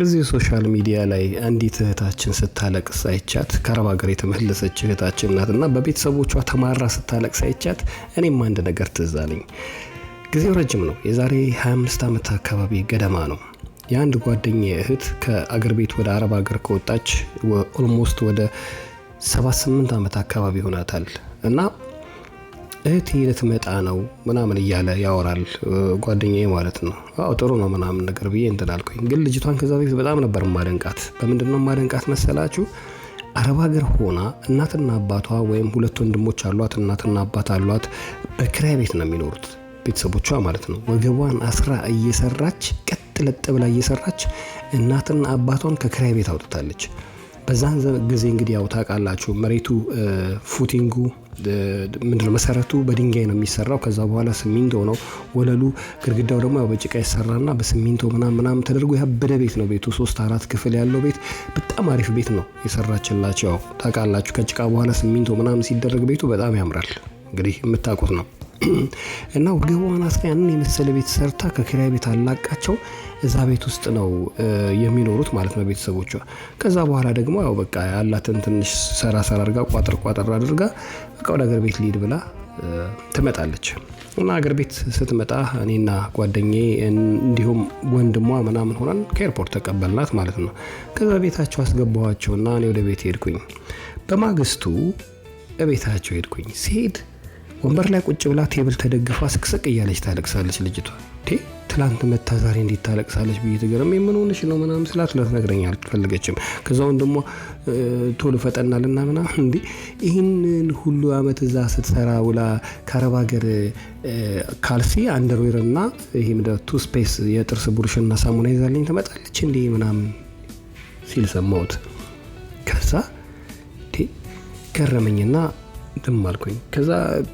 እዚህ ሶሻል ሚዲያ ላይ አንዲት እህታችን ስታለቅስ አይቻት ከአረብ ሀገር የተመለሰች እህታችን ናት እና በቤተሰቦቿ ተማራ ስታለቅስ አይቻት እኔም አንድ ነገር ትዛለኝ ጊዜው ረጅም ነው። የዛሬ 25 ዓመት አካባቢ ገደማ ነው የአንድ ጓደኛ እህት ከአገር ቤት ወደ አረብ ሀገር ከወጣች ኦልሞስት ወደ 78 ዓመት አካባቢ ይሆናታል እና እህቴ ልትመጣ ነው ምናምን እያለ ያወራል ጓደኛዬ ማለት ነው። አዎ ጥሩ ነው ምናምን ነገር ብዬ እንትላልኩኝ። ግን ልጅቷን ከዛ በፊት በጣም ነበር ማደንቃት። በምንድነው ማደንቃት መሰላችሁ? አረብ ሀገር ሆና እናትና አባቷ ወይም ሁለት ወንድሞች አሏት፣ እናትና አባት አሏት። በክራይ ቤት ነው የሚኖሩት ቤተሰቦቿ ማለት ነው። ወገቧን አስራ እየሰራች ቀጥ ለጥ ብላ እየሰራች እናትና አባቷን ከክራይ ቤት አውጥታለች። በዛን ጊዜ እንግዲህ ያው ታውቃላችሁ መሬቱ ፉቲንጉ ምንድነው መሰረቱ በድንጋይ ነው የሚሰራው። ከዛ በኋላ ስሚንቶ ነው ወለሉ። ግድግዳው ደግሞ በጭቃ ይሰራና በስሚንቶ ምናም ምናም ተደርጎ ያበደ ቤት ነው ቤቱ። ሶስት አራት ክፍል ያለው ቤት በጣም አሪፍ ቤት ነው የሰራችላቸው። ታውቃላችሁ ከጭቃ በኋላ ስሚንቶ ምናም ሲደረግ ቤቱ በጣም ያምራል። እንግዲህ የምታውቁት ነው። እና ግቧን አስራ ያንን የመሰለ ቤት ሰርታ ከኪራይ ቤት አላቃቸው እዛ ቤት ውስጥ ነው የሚኖሩት ማለት ነው ቤተሰቦቿ። ከዛ በኋላ ደግሞ ያው በቃ ያላትን ትንሽ ሰራ ሰራ አድርጋ ቋጥር ቋጥር አድርጋ በቃ ወደ አገር ቤት ልሂድ ብላ ትመጣለች እና አገር ቤት ስትመጣ እኔና ጓደኛዬ እንዲሁም ወንድሟ ምናምን ሆናን ከኤርፖርት ተቀበልናት ማለት ነው። ከዛ ቤታቸው አስገባኋቸውና እኔ ወደ ቤት ሄድኩኝ። በማግስቱ እቤታቸው ሄድኩኝ ሲሄድ ወንበር ላይ ቁጭ ብላ ቴብል ተደግፋ ስቅስቅ እያለች ታለቅሳለች። ልጅቷ ትላንት መታ ዛሬ እንዴት ታለቅሳለች ብዬ ትገርም የምን ሆነሽ ነው ምናምን ስላት ልትነግረኝ አልፈለገችም። ከዛውን ደግሞ ቶሎ ፈጠናልና ምናምን እንዲ ይህንን ሁሉ አመት እዛ ስትሰራ ውላ ከአረብ ሀገር ካልሲ አንደርዌርና ይህ ቱ ስፔስ የጥርስ ብሩሽና ሳሙና ይዛለኝ ትመጣለች እንዲ ምናምን ሲል ሰማሁት። ከዛ ገረመኝና ድም አልኩኝ። ከዛ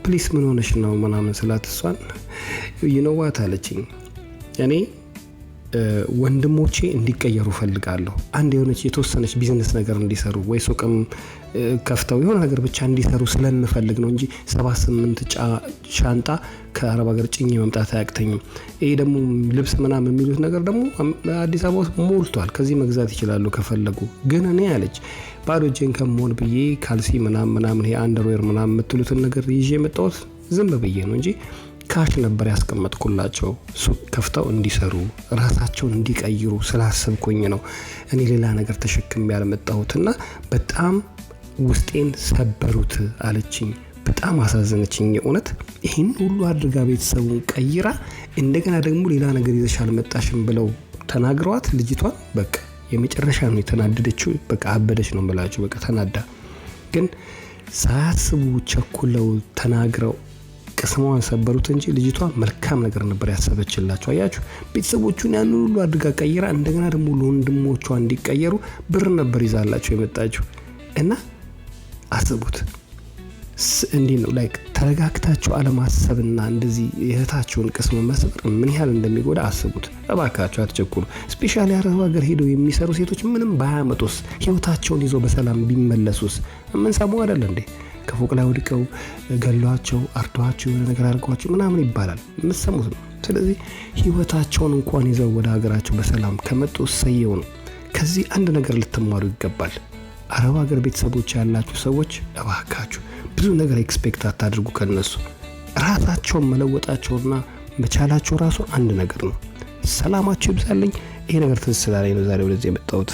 ፕሊስ ምን ሆነሽ ነው ምናምን ስላት እሷን ይነዋት አለችኝ እኔ ወንድሞቼ እንዲቀየሩ ፈልጋለሁ። አንድ የሆነች የተወሰነች ቢዝነስ ነገር እንዲሰሩ ወይ ሱቅም ከፍተው የሆነ ነገር ብቻ እንዲሰሩ ስለምፈልግ ነው እንጂ ሰባ ስምንት ሻንጣ ከአረብ ሀገር ጭኝ መምጣት አያቅተኝም። ይሄ ደግሞ ልብስ ምናምን የሚሉት ነገር ደግሞ አዲስ አበባ ውስጥ ሞልቷል። ከዚህ መግዛት ይችላሉ ከፈለጉ። ግን እኔ አለች ባዶ እጄን ከመሆን ብዬ ካልሲ ምናምን ምናምን አንደርዌር ምናምን የምትሉትን ነገር ይዤ የመጣሁት ዝም ብዬ ነው እንጂ በርካሽ ነበር ያስቀመጥኩላቸው ሱቅ ከፍተው እንዲሰሩ ራሳቸውን እንዲቀይሩ ስላሰብኩኝ ነው እኔ ሌላ ነገር ተሸክም ያልመጣሁትና በጣም ውስጤን ሰበሩት አለችኝ። በጣም አሳዘነችኝ። የእውነት ይህን ሁሉ አድርጋ ቤተሰቡን ቀይራ እንደገና ደግሞ ሌላ ነገር ይዘሽ አልመጣሽም ብለው ተናግረዋት ልጅቷን በቃ የመጨረሻ ነው የተናደደችው። በቃ አበደች ነው የምላችሁ። በቃ ተናዳ ግን ሳያስቡ ቸኩለው ተናግረው ቅስሟን ሰበሩት እንጂ ልጅቷ መልካም ነገር ነበር ያሰበችላቸው። አያችሁ፣ ቤተሰቦቹን ያን ሁሉ አድርጋ ቀይራ እንደገና ደግሞ ለወንድሞቿ እንዲቀየሩ ብር ነበር ይዛላቸው የመጣችው እና አስቡት እንዲህ ነው ላይክ ተረጋግታችሁ አለማሰብና እንደዚህ የእህታችሁን ቅስም መስበር ምን ያህል እንደሚጎዳ አስቡት። እባካችሁ አትቸኩሉ። ስፔሻሊ አረብ ሀገር ሄደው የሚሰሩ ሴቶች ምንም ባያመጡስ፣ ህይወታቸውን ይዞ በሰላም ቢመለሱስ? ምን ሰሙ አይደለ እንዴ? ከፎቅ ላይ ወድቀው ገሏቸው፣ አርዷቸው፣ የሆነ ነገር አድርገቸው ምናምን ይባላል የምሰሙት ነው። ስለዚህ ህይወታቸውን እንኳን ይዘው ወደ ሀገራቸው በሰላም ከመጡ ሰየው ነው። ከዚህ አንድ ነገር ልትማሩ ይገባል። አረብ ሀገር ቤተሰቦች ያላችሁ ሰዎች እባካችሁ ብዙ ነገር ኤክስፔክት አታድርጉ ከነሱ። ራሳቸውን መለወጣቸውና መቻላቸው ራሱ አንድ ነገር ነው። ሰላማቸው ይብዛለኝ ይሄ ነገር ትንስላ ላይ ነው ዛሬ ወደዚህ የመጣሁት።